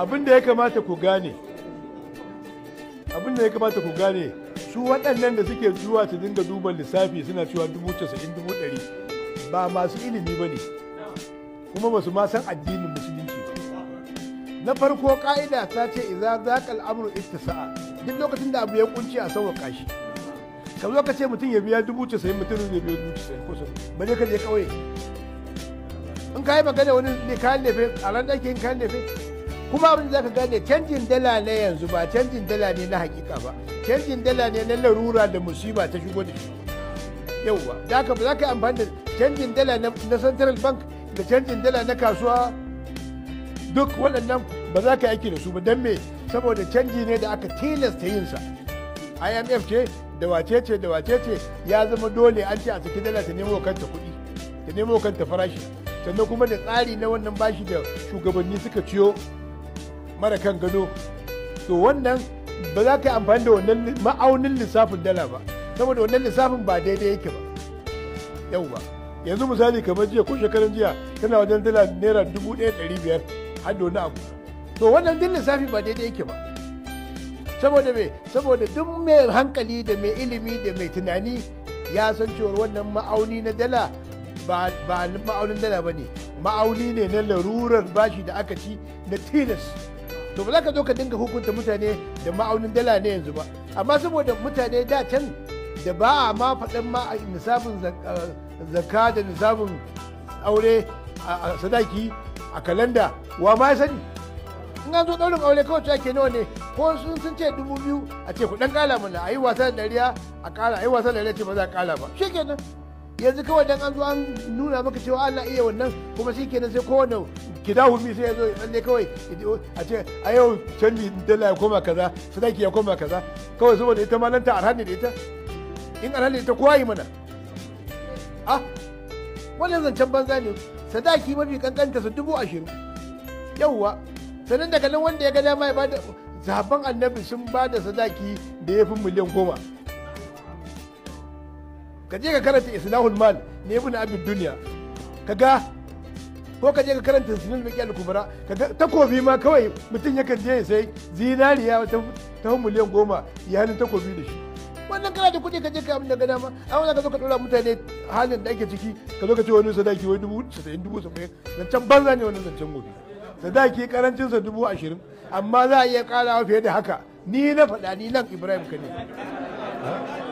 abin da ya kamata ku gane abin da ya kamata ku gane su waɗannan da suke zuwa su dinga duban lissafi suna cewa dubu casa'in dubu ɗari ba masu ilimi ba ne kuma ba su ma san addinin musulunci ba na farko ƙa'ida ta ce iza za ka al'amuru sa'a duk lokacin da abu ya kunci a sauwa kashi ka zo ka ce mutum ya biya dubu casa'in mutum ne biya dubu casa'in ko sun ba ne ka je ƙauye in ka yi magana wani ne kayan lefe a ran ɗakin kayan lefe kuma abin da zaka gane canjin dala na yanzu ba canjin dala ne na hakika ba canjin dala ne na larura da musiba ta shigo da shi yauwa da ba za amfani da canjin dala na central bank da canjin dala na kasuwa duk waɗannan ba za ka aiki da su ba don me saboda canji ne da aka tilasta yinsa imf ce da wace ce da wace ce ya zama dole an ce a saki dala ta nemo kanta kuɗi ta nemo kanta farashi sannan kuma da tsari na wannan bashi da shugabanni suka ciyo mara kan gado to wannan ba za ka yi amfani da wannan ma'aunin lissafin dala ba saboda wannan lissafin ba daidai yake ba yau ba yanzu misali kamar jiya ko shekarun jiya tana wajen dala naira dubu ɗaya ɗari biyar har da wani abu to wannan duk lissafi ba daidai yake ba saboda me saboda duk mai hankali da mai ilimi da mai tunani ya san cewar wannan ma'auni na dala ba ma'aunin dala ba ne ma'auni ne na larurar bashi da aka ci na tilas to ba za ka zo ka dinga hukunta mutane da ma'aunin dala ne yanzu ba amma saboda mutane da can da ba a ma faɗin ma a nisabin zakka da nisabin aure a sadaki a kalanda wa ma sani in an zo ɗaurin aure kawai ake nawa ne ko sun sun ce dubu biyu a ce ku ɗan ƙala mana a yi wasa da dariya a ƙala a yi wasa da dariya ce ba za a ƙala ba shi kenan yanzu kawai dan an zo an nuna maka cewa Allah iya wannan kuma shi kenan sai kowane mi sai ya zo tsalle kawai a ce a yau canji dala ya koma kaza sadaki ya koma kaza kawai saboda ita ma nan ta ne da ita in arhani ne ita kowa yi mana a ah, wannan zancen banza ne sadaki mafi kankanta su dubu ashirin yauwa sannan daga nan wanda ya ga dama ya bada zaben annabi sun bada sadaki da ya fi miliyan goma ka je ka karanta islahul mal ne ibn abid duniya kaga ko ka je ka karanta sunan da kyal kubra kaga takobi ma kawai mutum yakan je ya sai zinariya ta ta miliyan goma ya hannun takobi da shi wannan kana da kuɗi ka je ka abin da gada ma wannan ka zo ka dora mutane halin da ake ciki ka zo ka ce wani sadaki wai dubu casa'in dubu saba'in zancen banza ne wannan zancen gobe sadaki karancinsa dubu ashirin amma za a iya karawa fiye da haka ni na faɗa ni nan ibrahim ka ne